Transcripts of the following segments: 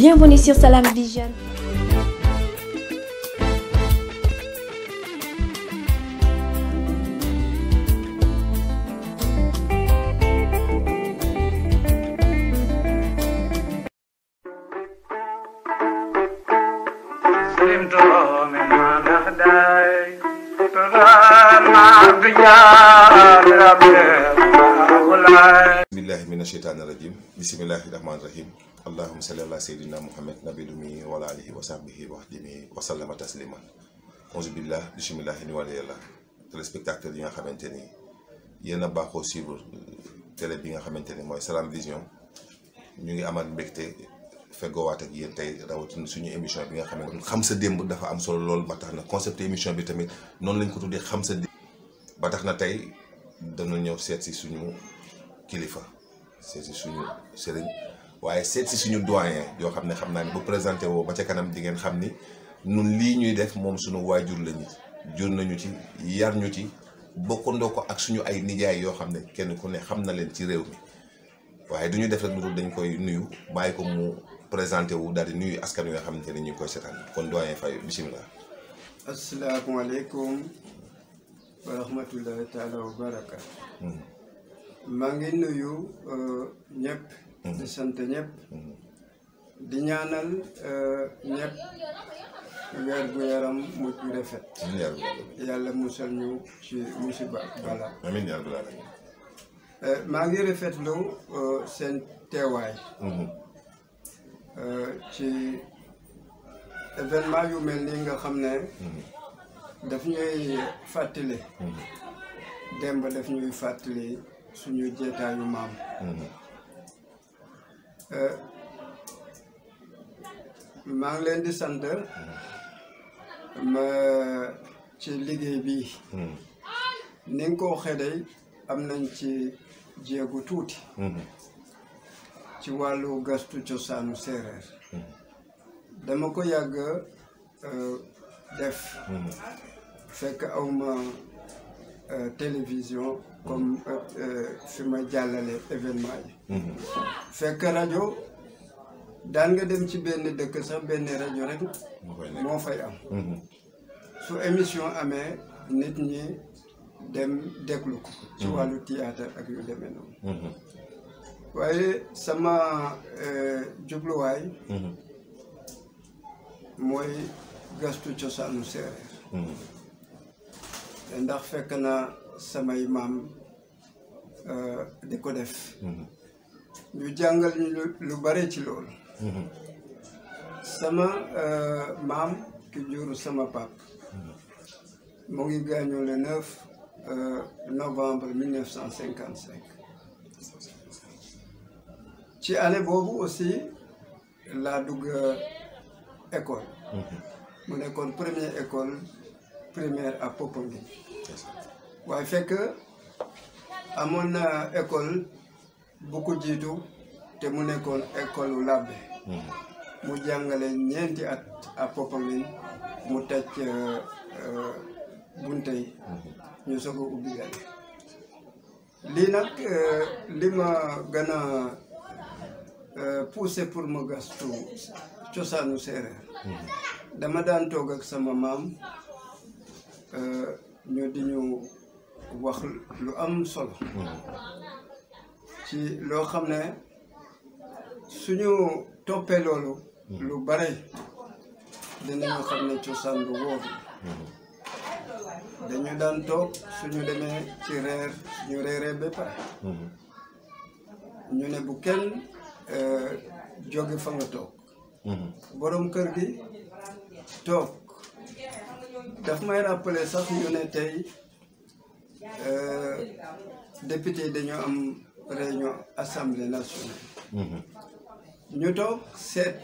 Bienvenue sur Salam Vision. bismillahi mina sheytaani rajim bismillahi rahmaani rahim allahuma salli ala sayyidina muhammad nabidumi wala alihi wa sahbihi wa xdimi wa sallama taslima auzu billah bisimilahi ni wala yàlla téléspectateur yi nga xamante ni yéen a baaxoo suivre télé bi nga xamante ni mooy Salam Vision ñu ngi amal mbégte feggowaat yéen tey rawatina suñu émission bi nga xamante ni xam sa démb dafa am solo lool ba tax na concept émission bi tamit noonu lañ ko tuddee xam sa démb ba tax na tey dana ñëw seet si suñu kilifa seet si suñu sëriñ waaye seet si suñu doyen yoo xam ne xam naa ne bu présenté woo ba ca kanam di ngeen xam ni nun lii ñuy def moom suñu waajur lañu jur nañu ci yar ñu ci bokkandoo ko ak suñu ay nijaay yoo xam ne kenn ku ne xam na leen ci réew mi waaye du def rek lu dañ koy nuyu bàyyi ko mu présenté wu daal di nuyu askan wi nga xamante ne ñu ngi koy seetaan kon doyen Faye bisimilah. asalaamaaleykum wa rahmatullahi taala wa barakaatu. Hmm. maa ngi nuyu euh, ñëpp. Mm-hmm. di sant ñëpp mm-hmm. di ñaanal euh, ñëpp weer gu yaram mujj rafet yàlla musal ñu ci musiba bala amiin euh, maa ngi rafetlu euh, seen teewaay mm-hmm. ci événement yu mel nii nga xam ne daf ñuy fàttali démb daf ñuy fàttali suñu jeetaayu maam Euh, maa ngi leen di sant ma ci liggéey bi hmm. ni nga ko waxee day am nañ ci jéegu tuuti hmm. ci wàllu gastu cosaanu séeréer hmm. dama ko yàgg euh, def fekk awma Euh, télévision comme euh, euh, fi ma jàllale événement yi mm-hmm. fekk rajo daan nga dem ci benn dëkk sax benn rajo rek moo fay am mm-hmm. su émission amee nit ñi dem déglu ko ci mm-hmm. wàllu théâtre ak yu demee noonu waaye sama jubluwaay mooy gastu cosaanu séeréer te ndax fekk na samay maam euh, di ko def mhm. ñu jàngal ñu lu bare ci loolu mhm. sama euh, maam ki juru sama pap mhm. mu ngi gaañoo le 9 euh, novembre 1955 ci année boobu aussi laa dugg école mu nekkoon première école primaire à Popenguine waaye fekk amoon na école bu ko jiitu te mu nekkoon école u làbbe mm-hmm. mu jàngale ñeenti at à Popenguine mu taj euh, euh, bunte yi mm-hmm. ñu soog a ubbi nag euh, li ma gën a poussé pour ma gastu cosaanu séeréer mm-hmm. dama daan toog ak sama maam Euh, ñu di ñu wax lu am sol ci loo xam ne suñu toppee loolu. lu bare dinañu xam ne cosaan lu wóor. dañu daan toog suñu demee ci reer ñu reeree ba pare. ñu ne bu kenn euh, jóge fa nga toog. Mm-hmm. borom kër gi toog. daf may rappeler sax ñu ne tey euh, député dañoo am réunion assemblée nationale. Mhm. ñu toog seet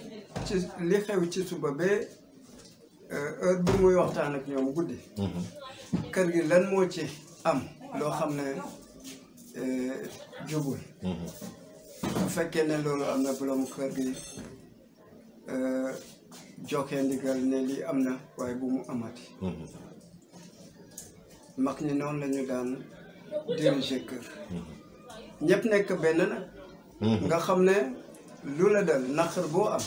ci li xew ci suba ba euh, heure bi muy waxtaan ak ñoom guddi. Mhm. kër gi lan moo ci am loo xam ne euh, jubul. Mhm. bu fekkee ne loolu am na borom kër gi. joxe ndigal ne lii am na waaye bu mu amati. Mm-hmm. mag ñi noonu lañu daan diriger kër. Mm-hmm. ñëpp nekk benn nag. Mm-hmm. nga xam ne lu la dal naqar boo am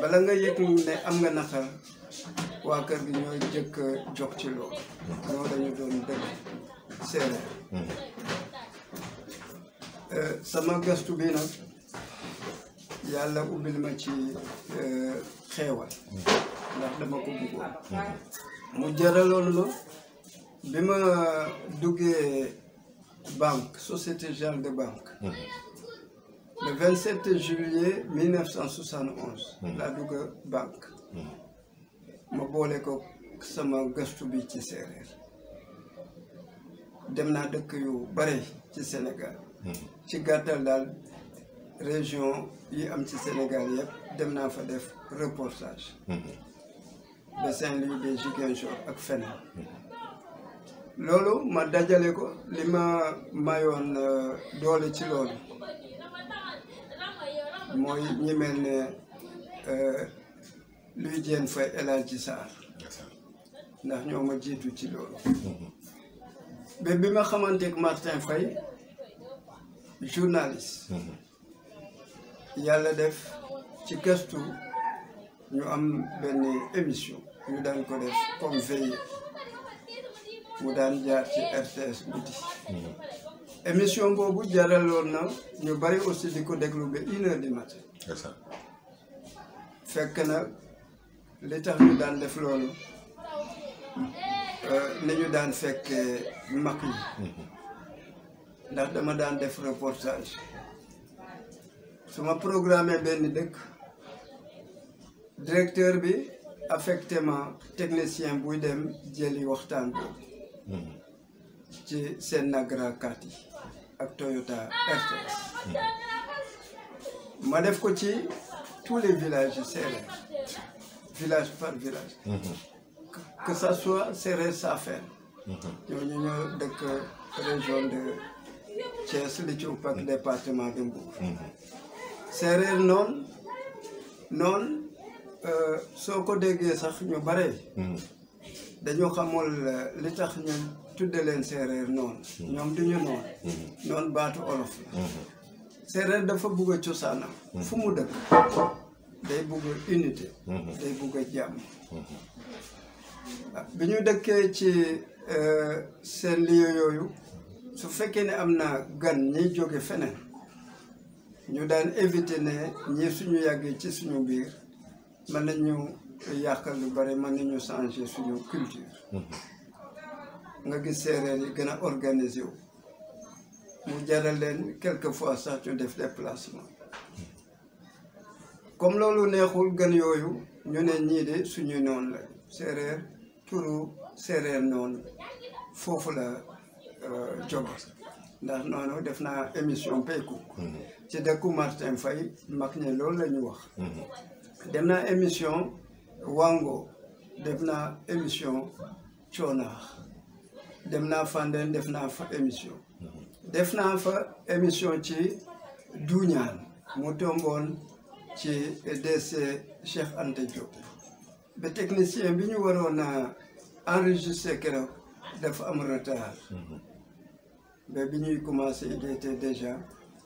bala nga yëg ne am nga naqar waa kër gi ñooy jëkk jox ci loolu. loolu dañu doon dëgg séeréer. Euh, sama gëstu bi nag yàlla ubbil ma ci. Euh, xeewal mm. ndax dama ko bëggoon mm. mu jaraloon la bi ma duggee banque société genre de banque mm. le 27 juillet 1971 laa dugg banque ma boole ko sama gëstu bi ci séeréer dem naa dëkk yu bare ci Sénégal ci gàttal daal région yi am ci Sénégal yëpp dem naa fa def reportage de Saint-Louis de Ziguinchor ak feneen loolu ma dajale ko li ma mayoon euh, doole ci loolu mooy ñi mel ne euh, Louis Diène Faye El Hadji Sarr ndax ñoo ma jiitu ci loolu ba bi ma xamante ak Martin Faye mhm. yàlla def ci gëstu ñu am benn émission ñu daan ko def comme veille mu daan jaar ci RTS guddi hmm. émission boobu jaraloon na ñu bari aussi di ko déglu ba une heure du matin fekk na li tax ñu daan def loolu ni euh, ñu daan fekk mag yi hmm. ndax dama daan def reportage su ma programme benn dëkk directeur bi affecté ma technicien buy dem jëli waxtaan bi hmm. ci seen Nagra kat ak Toyota RTS hmm. ma def ko ci tous les villages yu village par village hmm. que ça soit séeréer Safeen ñooñu ñoo dëkk région de Thiès li ci ëpp ak département de Mbour séeréer noonu Euh, soo ko déggee sax ñu bare dañoo xamoon euh, li tax ñu tudde leen séeréer noonu ñoom duñu noonu noonu baatu olof la séeréer dafa bugg a cosaanam fu mu dëkk day bugg unité day bugg a jàmm ah, bi ñu dëkkee ci euh, seen lieu yooyu su fekkee ne am na gan ñiy jóge feneen ñu daan éviter ne ñi suñu yàggee ci suñu biir mën nañu yàq lu bari mën nañu changer suñu culture. Mhm. nga gis séeréer yi gën a organisé wu. mu jaral leen quelque fois sax ñu def déplacement. Mhm. comme loolu neexul gan yooyu ñu ne ñii de suñu noonu la séeréer turu séeréer noonu foofu la euh, jóg. ndax noonu def naa émission payku. Mhm. ci dëkku Martin Faye mag ñi loolu la ñu wax. dem naa émission wango def naa émission coonaax dem naa Fandène def naa fa émission def naa fa émission ci duuñaan mu tomboon ci décès Cheikh Anta Diop ba technicien bi ñu waroon a enregistré keroog dafa am retard mais bi ñuy commencé i était déjà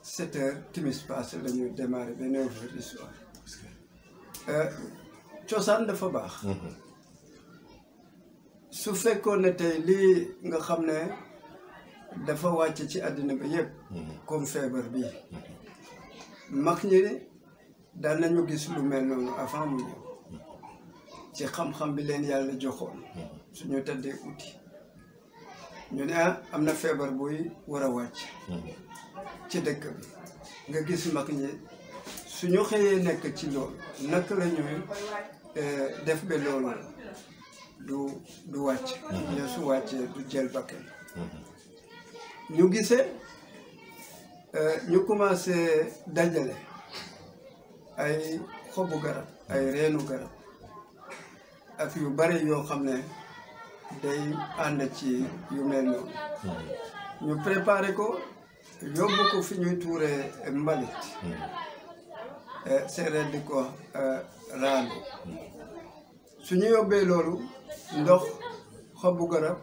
sept heures timis passé la ñu démarré ba neuf Euh, cosaan dafa baax mhm. su fekkoon ne tey lii nga xam ne dafa wàcc ci àddina bi yëpp mhm. comme feebar bi mhm. mag ñi daal nañu gis lu mel noonu avant mu ñëw ci xam-xam bi leen yàlla joxoon ñu tëddee uti ñu ne ah, am na feebar buy war a wàcc ci dëkk bi nga gis mag ñi suñu xëyee nekk ci loolu naka la ñuy euh, def ba loolu du du wàcc ne mm-hmm. su wàccee du jël bakkan mm-hmm. ñu gisee euh, ñu commencé dajale ay xobu garab ay mm-hmm. reenu garab ak yu bare yoo xam ne day ànd ci yu mel noonu ñu préparé ko yóbbu ko fi ñuy tuuree mbalit E, séeréer di ko e, raandu su ñu yóbbee loolu ndox xobu garab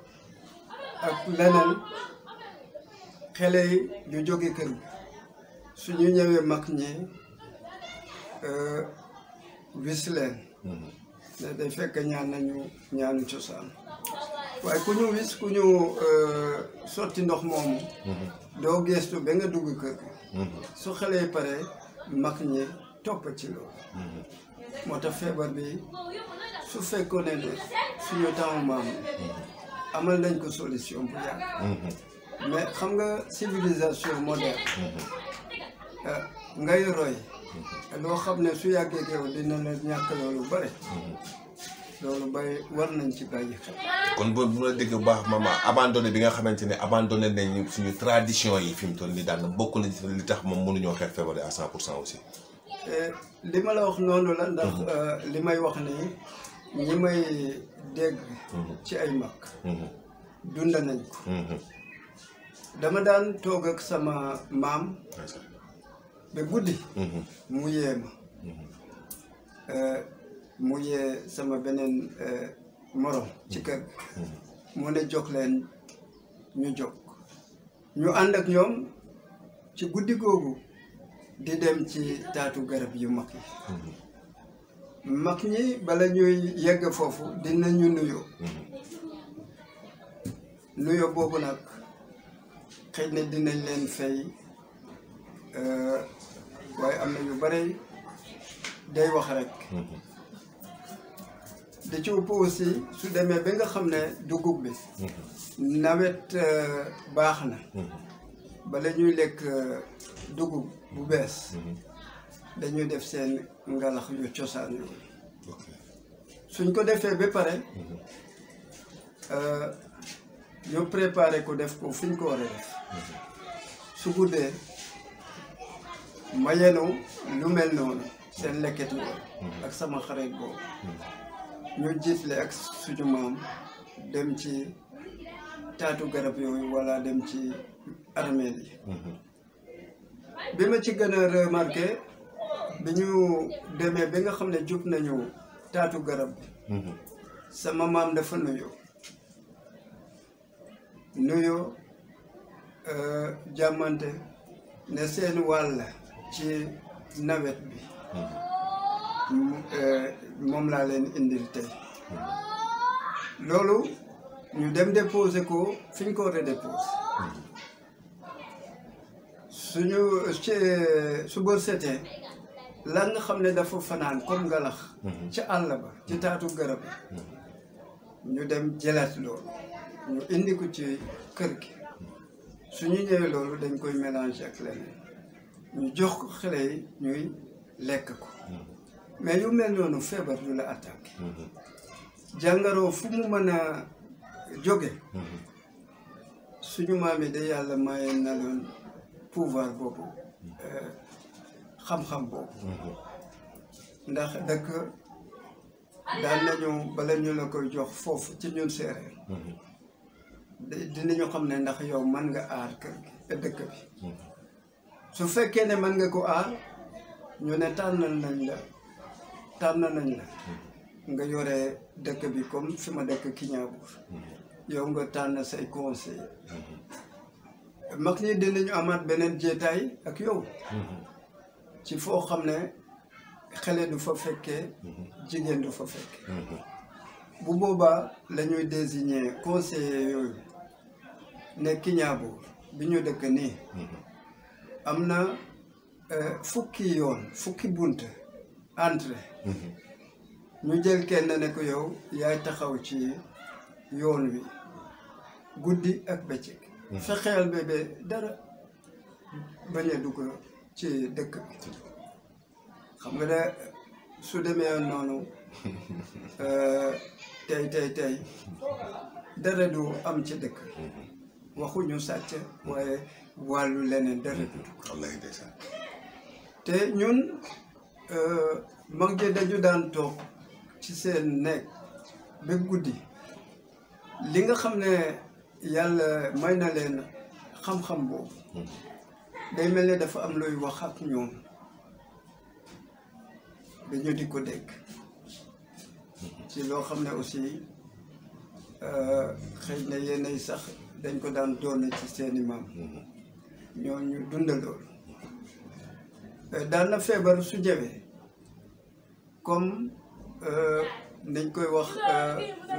ak leneen xele yi ñu jóge kër su ñu ñëwee mag ñi e, wis leen ne day fekk ñaan nañu ñaanu cosaan waaye ku ñu wis ku ñu sotti ndox moomu mhm. doo geestu ba nga dugg kër mhm. su xele yi pare mag ñi topp ci loolu. moo tax feebar bi su fekkoon ne ne suñu taamu maam amal nañ ko solution bu yàgg. mais xam nga civilisation moderne. ngay roy. loo xam ne su yàggee yow dina la ñàkk loolu bare. loolu bay war nañ ci bàyyi xel. kon bu bu la dégg bu baax maman abandonné bi nga xamante ne abandonné nañ suñu tradition yi fi mu toll nii daal bokk nañ li tax moom mënuñoo xeex feebar à 100 pour cent aussi. Eh, li ma la wax noonu la ndax mhm. eh, li may wax nii ñi may dégg mhm. ci ay mag mhm. dunda nañ ko dama daan toog ak sama maam ba guddi mu yee eh, mu yee sama beneen morom ci kër mu ne jox leen ñu jóg ñu ànd ak ñoom ci guddi googu di dem ci taatu garab yu mag yi mhm. mag ñi bala ñuy yegg foofu dinañu nuyo mhm. nuyoo boobu nag xëy na dinañ leen fay euh, waaye am na yu bare day wax rek mhm. da ci ëpp aussi su demee ba nga xam ne dugub bi nawet euh, baax na bala ñuy lekk dugub bu bees mhm. dañuy def seen ngalax yu cosaan yooyu suñ ko defee ba pare mhm. euh, ñu préparé ko def ko fi ñu ko war a def mhm. su guddee ma yenu lu mel noonu seen lekket woon ak sama xarit boobu ñu jiitle ak su maam dem ci taatu garab yooyu wala dem ci armeel yi bi ma ci gën a remarqué bi ñu demee bi nga xam ne jub nañu taatu garab mhm. sama maam dafa nuyu nuyu euh, jàmmante ne seen wàll ci nawet bi mhm. euh, moom laa leen indil tey mhm. loolu ñu dem déposé ko fi ñu ko redéposé suñu ci su bër setee lan nga xam ne dafa fanaan comme ngalax mhm. ci àll ba ci taatu garab mhm. ñu dem jëlaat loolu ñu indi ko ci kër gi suñu ñëwee loolu dañ koy mélanger ak leneen ñu jox ko xale ñuy lekk ko mhm. mais yu mel noonu feebar yu la attaqué jàngaroo fu mu mën a jóge suñu maam yi de yàlla maye na loon pouvoir boobu euh, xam-xam boobu ndax dëkk daan nañu bala ñu la koy jox foofu ci ñun séeréer dinañu xam ne ndax yow mën nga aar kër eh, dëkk bi su fekkee ne mën nga ko aar ñu ne tànnal nañ la tànnal nañ la nga yore dëkk bi comme su ma dëkk Kignangour yow nga tànn say conseil mag ñi dinañu amaat beneen jeetaay ak yow mm-hmm. ci foo xam ne xale du fa fekkee mm-hmm. jigéen du fa fekkee mm-hmm. bu boobaa lañuy ñuy désigner conseiller yooyu ne Kignabo bi ñu dëkk nii am na euh, fukki yoon fukki bunt entrée ñu jël kenn ne ko yow yaay taxaw ci yoon wi guddi ak bëccëg sa xel dara bañ a dugg ci dëkk xam nga da su demee noonu euh, tey tey tey dara du am ci dëkk waxuñu sàcc waaye wàllu leneen dara du dugg te ñun euh, mag ji dañu daan toog ci seen nekk ba guddi li nga xam ne yàlla may na leen xam-xam boobu day mel ne dafa am looy wax ak ñoom dañu di ko dégg ci loo xam ne aussi euh, xëy na yenn yi sax dañ ko daan doon ci seeni maam ñoo ñu dunda euh, daal na feebar su jawee comme dañ euh, koy wax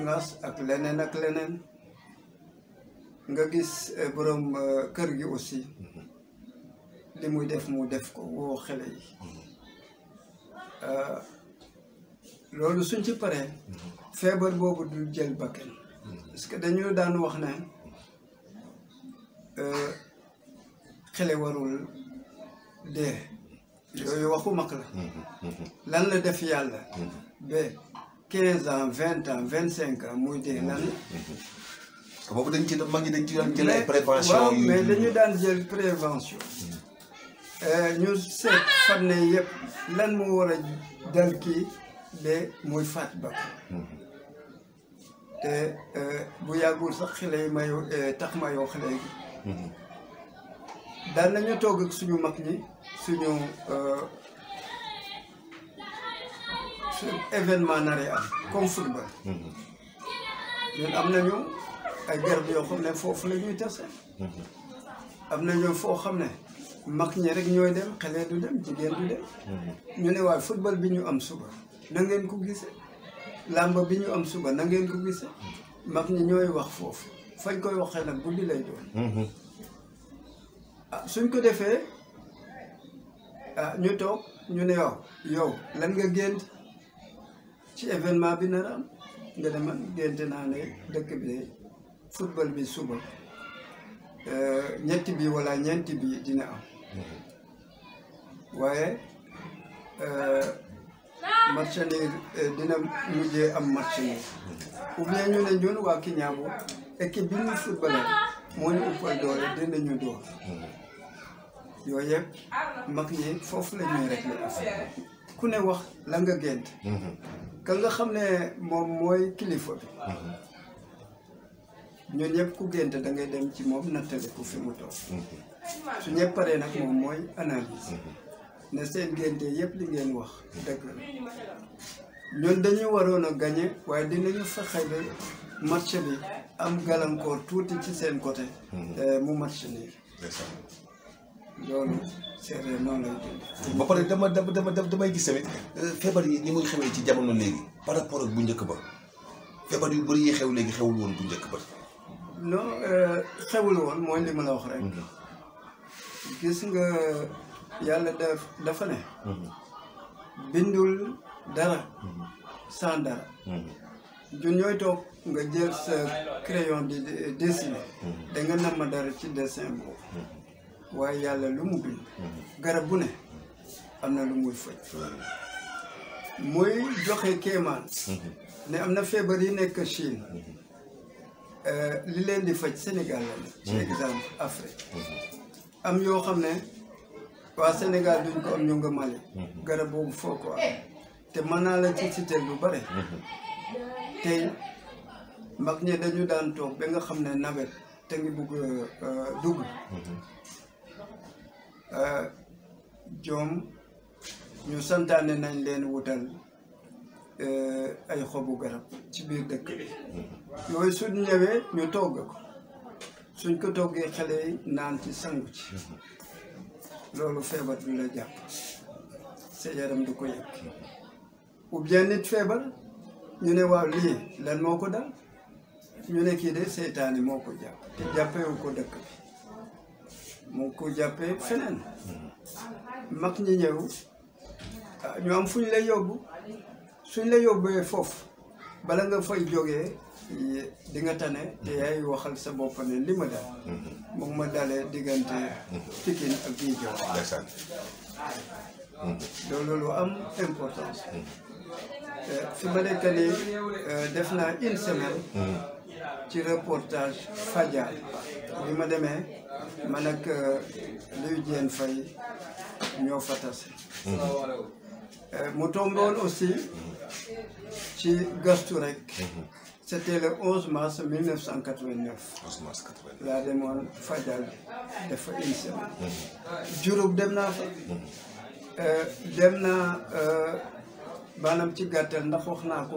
ngaas ak leneen ak leneen nga gis eh, borom eh, kër gi aussi mm-hmm. li muy def mu def ko woo xele yi mm-hmm. eh, loolu suñ ci paree mm-hmm. feebar boobu du jël bakkan parce que dañu daan wax ne xele warul dee yooyu waxu mag la lan la def yàlla ba quinze vingt ans vingt cinq ans muy dee lan boobu dañ ci mag ñi dañ ci daan jël ay prévention mais dañu daan jël prévention euh, ñu seet fan ne yëpp lan moo war a dal kii ba muy faat ba te euh, bu yàggul sax xale may mayo euh, tax mayoo xale yi daan nañu toog suñu mag ñi suñu suñu événement nare am comme mm-hmm. football ñun am nañu ay garab yoo xam ne foofu la ñuy tase. Mhm. am na ñoo foo xam ne mag ñi rek ñooy dem xale du dem jigéen du dem. Mhm. ñu ne waaye bi ñu am suba na ngeen ko gisee. làmba bi ñu am suba na ko gisee. Mhm. mag ñi ñooy wax foofu fañ koy waxee nag guddi lay doon. ah suñ ko defee ah ñu toog ñu ne yow yow lan nga gént ci événement bi nar a nga demal gént naa ne dëkk bi. football bi suba euh, ñetti bi wala ñeenti bi dina am waaye euh, match nii euh, dina mujjee am match nii ou bien ñu ne ñun waa Kiñaabo équipe bi ñu footballé moo ñu ëpp doole dinañu door yooyu mag ñi foofu la ñuy réglé ku ne wax la nga gént mm-hmm. ka nga xam ne moom mooy kilifa ñun ñëpp ku gént da ngay dem ci moom nattale ko fi mu toog mhm. su ñëpp paree nag moom mooy analyse mhm. ne seen génte yëpp li ngeen wax dëgg la ñun dañu waroon a gañe waaye dinañu fexe ba match bi am gàllankoor tuuti ci seen côté mhm. euh, mu match nii loolu seeree noonu lay dund ba pare dama dama damay gis tamit euh, feebar yi ni muy xewee ci jamono léegi par rapport ak bu njëkk ba feebar yu bëri yi xew léegi xewul woon bu njëkk ba non euh, xewul woon mooy li ma wax rek. Mm-hmm. gis nga yàlla daf dafa ne. Mm-hmm. bindul dara. Mm-hmm. sans dara. ñun ñooy toog nga jël sa crayon di dessiner. da nga nam dara ci dessin boobu. waaye yàlla lu mu bind. garab ne am na lu muy faj. muy joxe kéemaan. ne am na feebar yi nekk Chine. Euh, li leen di faj Sénégal la ci mhm. exemple Afrique mhm. am yoo xam ne waa Sénégal duñ ko am ñu nga Mali mhm. garab boobu foo ko am te mën naa la ci citer lu bare tey mag ñi dañu daan toog ba nga xam ne nawet te ngi bugg euh, euh, dugg joom ñu santaane nañ leen wutal ay xobu garab ci biir dëkk bi yooyu su ñëwee ñu togg ko suñ ko toggee xale naan ci sangu ci loolu feebar du la jàpp sa yaram du ko yëg ou feebar ñu ne waaw lii lan moo ko dal ñu ne kii de seytaane moo ko jàpp te jàppewu ko dëkk bi moo ko jàppee feneen mag ñi ñëw ah, ñu am fu ñu lay suñ la yóbbee foofu bala nga fay jógee di nga tane te yaay waxal sa bopp ne li ma mu mhm. ma dalee diggante Pikine ak Guédiawaye donc mhm. loolu am importance fi mhm. ma nekk nii euh, def naa une semaine ci reportage Fadial bi ma demee man ak euh, Liu Diène Faye ñoo fa tase euh, mu tomboon aussi ci gastu rek c'était le 11 mars 1989. 11 cent 89 laa demoon Fajal def fa une semaine. Diouroup mhm. dem naa fa. Mhm. Euh, dem naa euh, maanaam ci gàttal ndax wax naa ko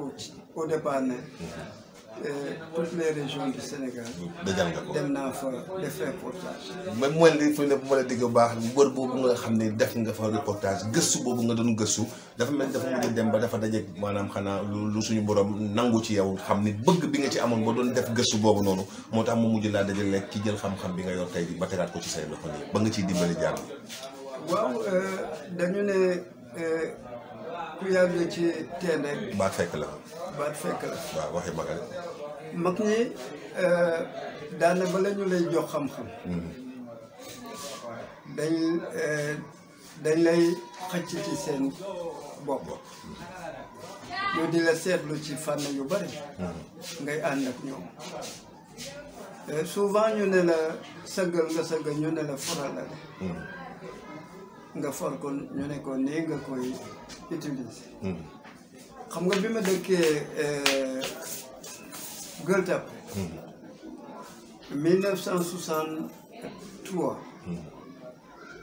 au départ ne. Mhm. Euh, toutes les régions du Sénégal. dajal nga ko dem naa fa def reportage. même mooy li fi ne bu ma la bu baax wër boobu nga xam ni def nga fa reportage gëstu boobu nga doon gëstu dafa mel dafa mujj dem ba dafa daje maanaam xanaa lu suñu borom nangu ci yow xam ni bëgg bi nga ci amoon ba doon def gëstu boobu noonu moo tax mu mujj laa dajal lekk ci jël xam-xam bi nga yor tey bi ba tegaat ko ci say loxo nii ba nga ciy dimbali jàll. waaw euh, dañu ne. Euh, ku yàggee ci teen rek. baat fekk la. baat fekk la. waaw waxi mag rek. mag ñi euh, daana ba la ñu lay jox xam-xam. Mm-hmm. dañ euh, dañ lay xëcc ci seen bopp. ñu mm-hmm. di la seetlu ci fànn yu bari. Mm-hmm. ngay ànd ak ñoom. Euh, souvent ñu ne la sëggal nga sëggal ñu ne la foral la nga for ko ñu ne ko nii nga koy. utilise hmm. nga bi ma dëkkee eh, Gueule Tapée 1963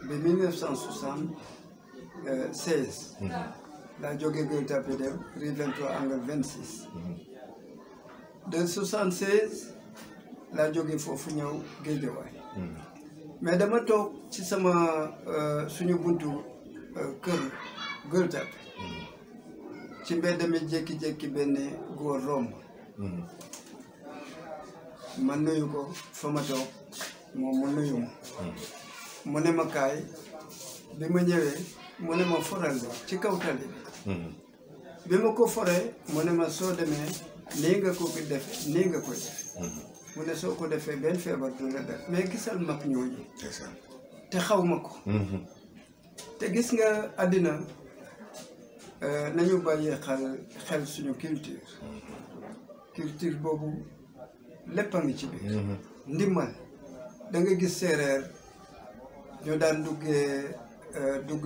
ba 1976 laa jógee Gueule Tapée dem rue 23 angle 26 hmm. de 76 laa jógee foofu ñëw Géejawaay hmm. mais dama toog ci sama eh, suñu buntu eh, kër Gueule Tapée ci mbedd mi jékki-jékki benn góor romb ma nuyu ko fa ma toog moom mu nuyu ma mu ne ma kaay bi ma ñëwee mu ne ma foral la ci kaw tali bi ma ko foree mu ne ma soo demee nii nga ko ko defe nii nga ko defe mu ne soo ko defee benn feebar du la def mais gisal mag ñooñu te xaw ma ko mhm. te gis nga àddina Euh, nañu bàyyi xel suñu culture culture boobu lépp a ngi ci biir mm-hmm. ndimbal da gis séeréer ñoo daan duggee euh, dugg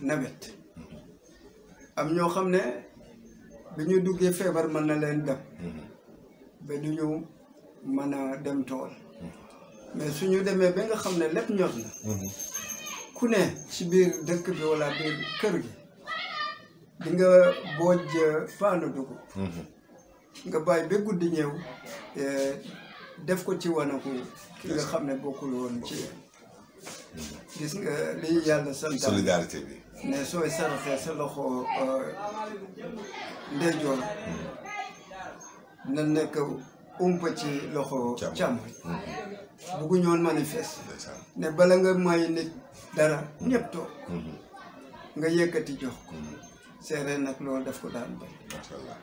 nawet mm-hmm. am ñoo xam ne bi ñu duggee feebar mën na leen dem mm-hmm. ba du ñu mën a dem tool mais suñu demee ba nga xam ne lépp ñor na ku ne ci biir dëkk bi walla biir kër gi di nga booj paanu eh, dugub mhm. nga bàyyi ba guddi ñëw eh, def ko ci wanaku ki nga xam ne bokkul woon ci gis nga li yàlla sant solidarité bi ne sooy saraxee sa loxo eh, ndeyjoor mhm. na nekk umpa ci loxo càmmoñ mhm. buggu ñoon manifeste ne bala nga may nit dara ñëpp toog nga yëkkati jox séeréer nag loolu daf ko daan béy. macha allah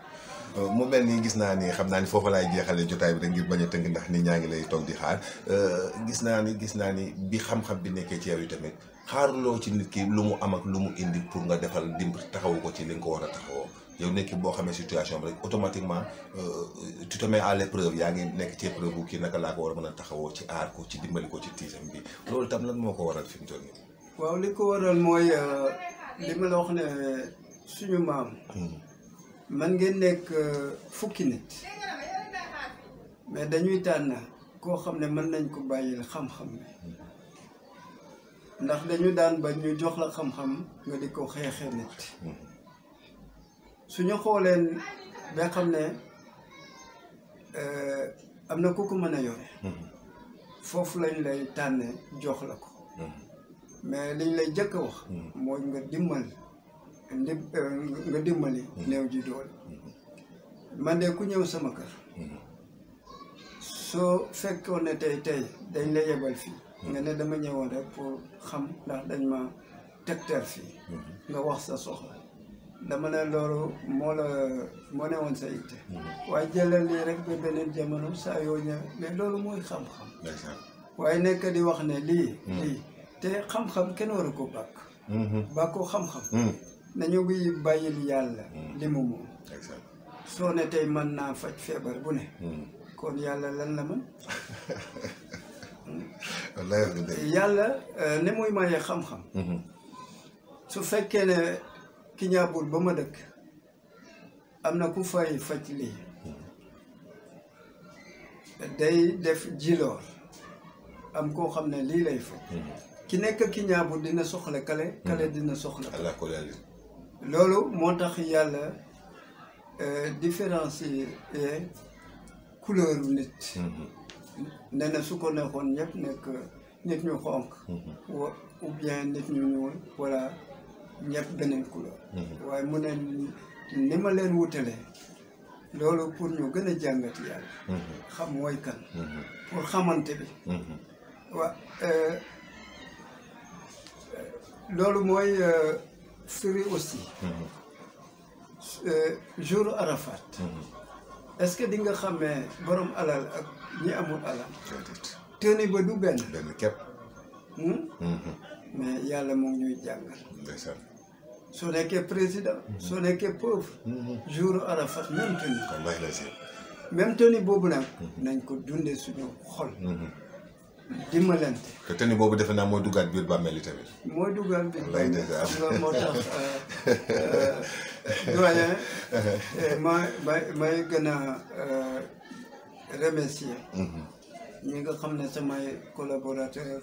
euh, mu mel ni gis naa ni xam naa ni foofa laay jeexalee jotaay bi rek ngir bañ a tënk ndax nit ñaa ngi lay toog di xaar euh, gis naa ni gis naa ni bi xam-xam bi nekkee ci yow yi tamit xaaruloo ci nit ki lu mu am ak lu mu indi pour nga defal dimb taxawu ko ci li nga ko war a taxawoo yow nekki boo xamee situation bi rek automatiquement euh, tu te mets à l'épreuve yaa ngi nekk ci épreuve bu kii naka laa ko war a mën a taxawoo ci aar ko ci dimbali ko ci loolu tam lan moo ko waral fi mu toll nii. waaw li suñu maam hmm. man ngeen nekk euh, fukki nit mais dañuy tànn koo xam ne mën nañ ko bàyyil xam-xam ndax dañu daan ba ñu jox la xam-xam nga di ko xeexee nit hmm. suñu xooleen ba xam ne euh, am na ku ko mën a yore hmm. foofu lañ lay tànne jox la ko mais liñ lay jëkk a wax mooy nga dimbali Eh, nga dimbali néew ji doole man de ku ñëw sama kër soo fekkoon ne tey tey dañ la yebal fii nga ne dama ñëw woon rek pour xam ndax dañ ma tegtal fii nga wax sa soxla dama ne loolu moo la woon sa itte waaye jëlal lii rek ba beneen jamono saa yoo ñëw loolu mooy xam-xam waaye nekk di wax ne lii hmm. lii te xam-xam kenn waru ko bàkk hmm. bàkkoo xam-xam hmm. nañu ngi bàyyil yàlla mm. li mu moom soo ne tey mën naa faj feebar bu ne mm. kon yàlla lan la mën yàlla euh, ne muy maye xam-xam mm-hmm. su fekkee ne ki ñaabul ba ma dëkk am na ku fay faj lii mm-hmm. day def jiloor am koo xam ne lii lay faj mm-hmm. ki nekk ki ñaabul dina soxla kale kale dina soxla loolu moo tax yàlla euh, différencier euh, couleur nit. Mm-hmm. nee na su ko neexoon ñëpp nekk nit ñu xonq. Mm-hmm. ou bien nit ñu ñuul wala ñëpp beneen couleur. Mm-hmm. waaye mu ne ni ma leen wutalee. loolu pour ñu gën a jàngat yàlla. xam mooy kan. pour xamante bi. Euh, loolu mooy. Souris aussi. Mm-hmm. Euh, jour Arafat. Mm-hmm. est-ce que di nga xamee borom alal ak ñi amul alal. tëni ba du benn. benn képp. Hmm? Mm-hmm. mais yàlla moom ñuy jàngal. ndeysaan. soo nekkee président. soo nekkee pauvre. jour Arafat même tëni. même tëni boobu nag. nañ ko dundee suñu xol. dimbalante. te tenue boobu defe naa mooy duggaat biir bàmmeel yi tamit. mooy duggaat biir bàmmeel loolu moo tax euh, euh, doyen euh, ma may gën a remercier. Mm-hmm. ñi nga xam ne samay collaborateur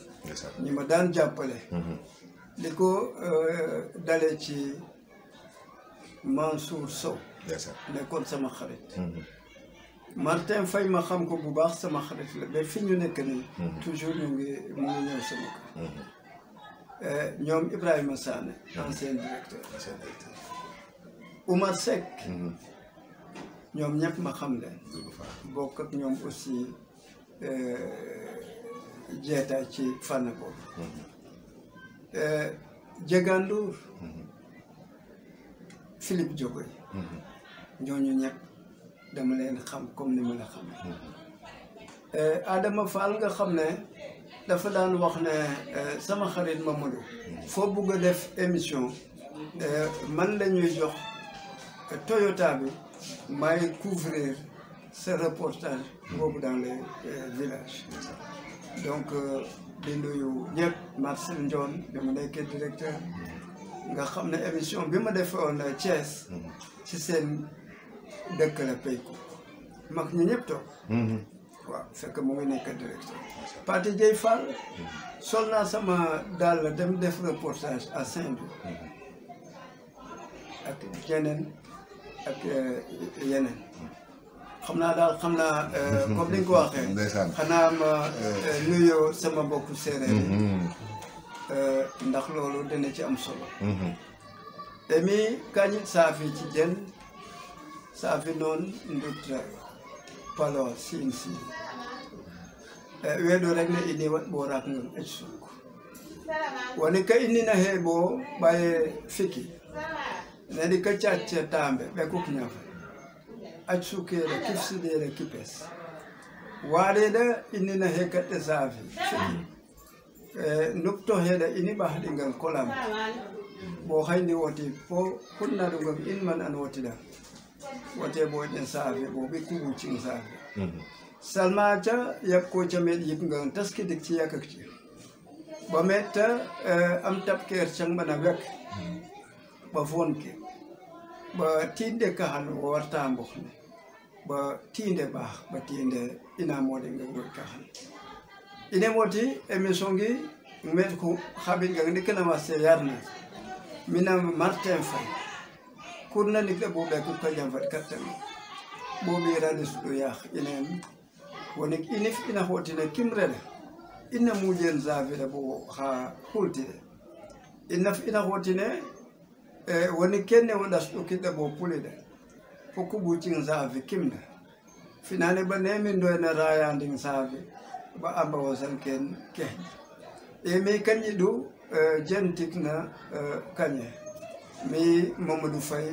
ñi ma daan jàppale. li mm-hmm. ko dalee ci Mansour so nekkoon sama xarit. Mm-hmm. Martin Faye ma xam ko bu baax sama xarit la ba fi ñu nekk nii. Mhm. toujours ñu ngi mu ngi sama kër. Mhm. Eh, ñoom Ibrahima Sané mhm. ancien directeur. ancien directeur Oumar Seck. ñoom ñëpp ma xam leen. bokk ak ñoom aussi jeeta eh, ci fànn boobu. Jegandour. Eh, Philippe Diogoy. ñooñu ñëpp. dama leen xam comme ni ma la xam mm-hmm. euh, Adama Fall nga xam ne dafa daan wax ne euh, sama xarit Mamadou mm-hmm. foo bugg a def émission euh, man la ñuy jox Toyota bi may couvrir ce reportage mm-hmm. boobu dans les villages donc di nuyu ñëpp Marcel Ndione bi ma directeur nga xam ne émission bi ma defee woon Thiès ci seen dëkk la peyku mag ñi ñëpp toog mhm. waaw fekk mu ngi nekk directeur Pate Dieye Fall sol naa sama daal dem def reportage à Saint-Louis mhm. ak yeneen ak euh, yeneen xam naa daal xam naa euh, comme ni nga ko xanaa ma euh. nuyoo sama bokku séeréer yi mhm. ndax loolu dina ci am solo emi kañit saafi ci jën saabi noon duttra palo sin si e eh, weeɗo ragna ini waɗ ɓorak ngol ec sukku woni ka innina heeɓo ɓaye fiki nani ka cacce tamɓe ɓe kukñafa ac sukkere kifsidere kipes waaɗeɗa innina he kaɗɗe saafi fiki e eh, nupto heɗa ini ɓahɗi ngal kolam ɓo hayndi woti fo hunnaɗo ngam in man an wotiɗa wote boyɗen saafe ko ɓe kuguccin saafe salmata yakkoca meɗe yipgan taskide ciyakakci ɓa metta eh, am tabker cangɓana wek ɓa mm-hmm. fonke ɓa tinɗe kahal o warta bohne ɓa tiinde ɓaah ɓa tiinde inamoɗe ngagol kahal ine moti émission gi met ko haɓit gang ɗe kenama se yarna mina martin fay kurnaliɓe ɓuuɓe ko kañam fat kattami ɓuuɓirani suɗoyah inen woni ini ina hotine kimrene inna mujen zafire bo ha hultide inna ina hotine e woni kenne wonɗa suɗokiɗɗe bo puliɗe fof ko ɓucin zaafi kimne finani ɓa nemin do ene rayandin saafi ɓa abawo san ken kehɗi e mi kañƴi ɗu e, jentikna e, kañe mi mamadou du fay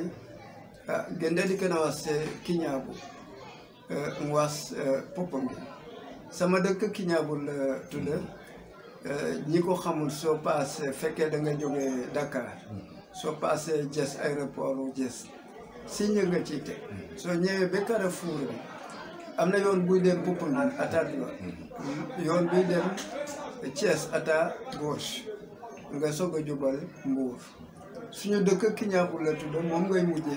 kana wasse kiñaabo n was eh, eh, eh, popponge dëkk kiñaabul tudda ñi ko xamul soo da nga jógee Dakar soo paasee Diass aéroport nga ciy teg soo ñëwee am na yoon buy dem Popenguine soog a jubal Mbour suñu dëkk ki ñaaxul la tudd moom ngay mujje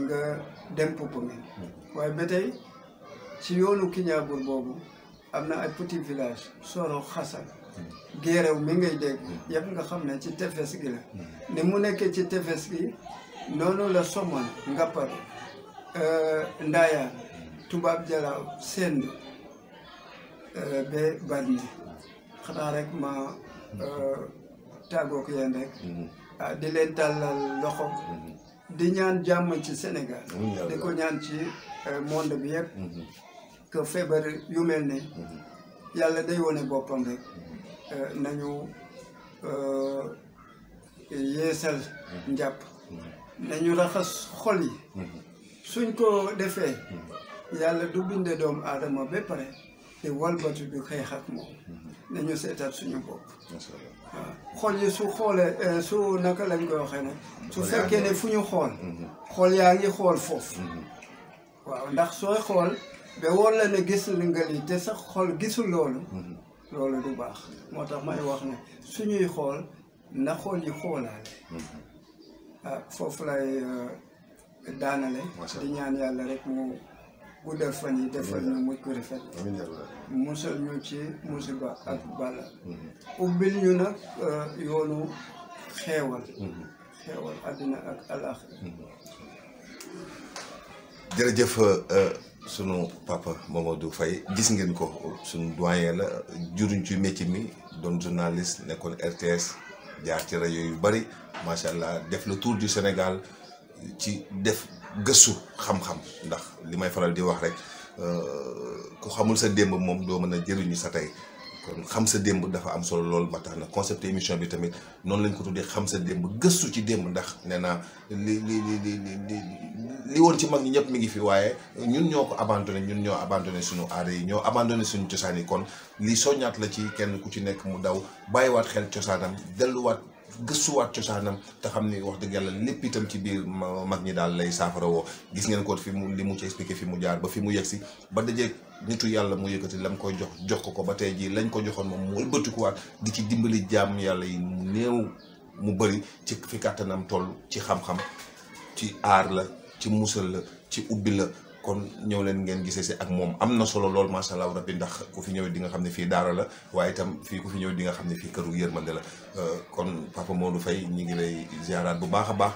nga dem Popenguine waaye ba tey ci yoonu ki boobu am na ay petit village Soro Xasan géerew mi ngay dégg yëpp nga xam ne ci tefes gi la ne mu nekkee ci tefes gi noonu la Somone Ngappar euh, Ndaayaan Tubaab Jalaaw Send euh, ba Bargny xanaa rek ma euh, tàggook yéen rek Ah, di leen tàllal loxo mm-hmm. di ñaan jàmm ci senegal mm-hmm. di ko ñaan ci eh, monde bi yëpp mm-hmm. que feebar yu mel ne yàlla day wone boppam rek eh, nañu eh, yeesal njàpp nañu raxas xol yi suñ ko defee yàlla du binde doomu aadama ba pare te walbatu bi xeex ak moom mm-hmm. nañu seetaat suñu bopp xool yi su xoolee eh, su naka lañ koy waxee ne su mm-hmm. fekkee ne fu ñu xool mm-hmm. xool yaa ngi xool foofu waaw ndax sooy xool ba wóor la ne gis nga li te sax xool gisul loolu loolu du baax moo tax may wax ne suñuy xool na xool yi xoolaale ah foofu lay eh, daanale di ñaan yàlla rek mu guddal fan yi defal na mujj ko rafet musal ñu ci musiba ak bala ubbil ñu nag euh, yoonu xeewal xeewal àddina ak alaaxira jërëjëf euh, sunu papa Mamadou fay gis ngeen ko sunu doyen la juruñ ci métier mi doon journaliste nekkoon RTS jaar ci rajo yu bari macha allah def la tour du Sénégal ci def gëstu xam-xam ndax li may faral di wax rek euh, ku xamul sa démb moom doo mën a jëriñu sa tey kon xam sa démb dafa am solo loolu ba tax na concept émission bi tamit noonu lañ ko tuddee xam sa démb gëstu ci démb ndax nee naa li li li li li li woon ci mag ñi ñëpp mi ngi fi waaye ñun ñoo ko abandonné ñun ñoo abandonné suñu aada yi ñoo abandonné suñu cosaan yi kon lii soññaat la ci kenn ku ci nekk mu daw bàyyiwaat xel cosaanam delluwaat. gëstuwaat cosaanam te xam ni wax dëgg yàlla lépp itam ci biir ma mag ñi daal lay saafara woo gis ngeen ko fi mu li mu ci expliqué fi mu jaar ba fi mu yegg si ba dajee nitu yàlla mu yëkkati lam koy jox jox ko ko ba tey jii lañ ko joxoon moom mu ëlbatikuwaat di ci dimbali jaam yàlla yi mu mu bëri ci fi kàttanam toll ci xam-xam ci aar la ci musal la ci ubbi la kon ñëw leen ngeen gisee si ak moom am na solo lool macha allah rabbi ndax ku fi ñëw di xam ne fi daara la waaye tam fii ku fi ñëw di nga xam ne fii këru yërmande la euh, kon papa Modou fay ñi ngi lay ziaraat bu baax a baax.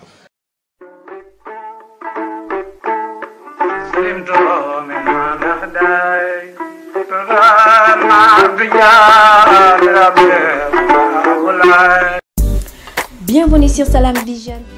Bienvenue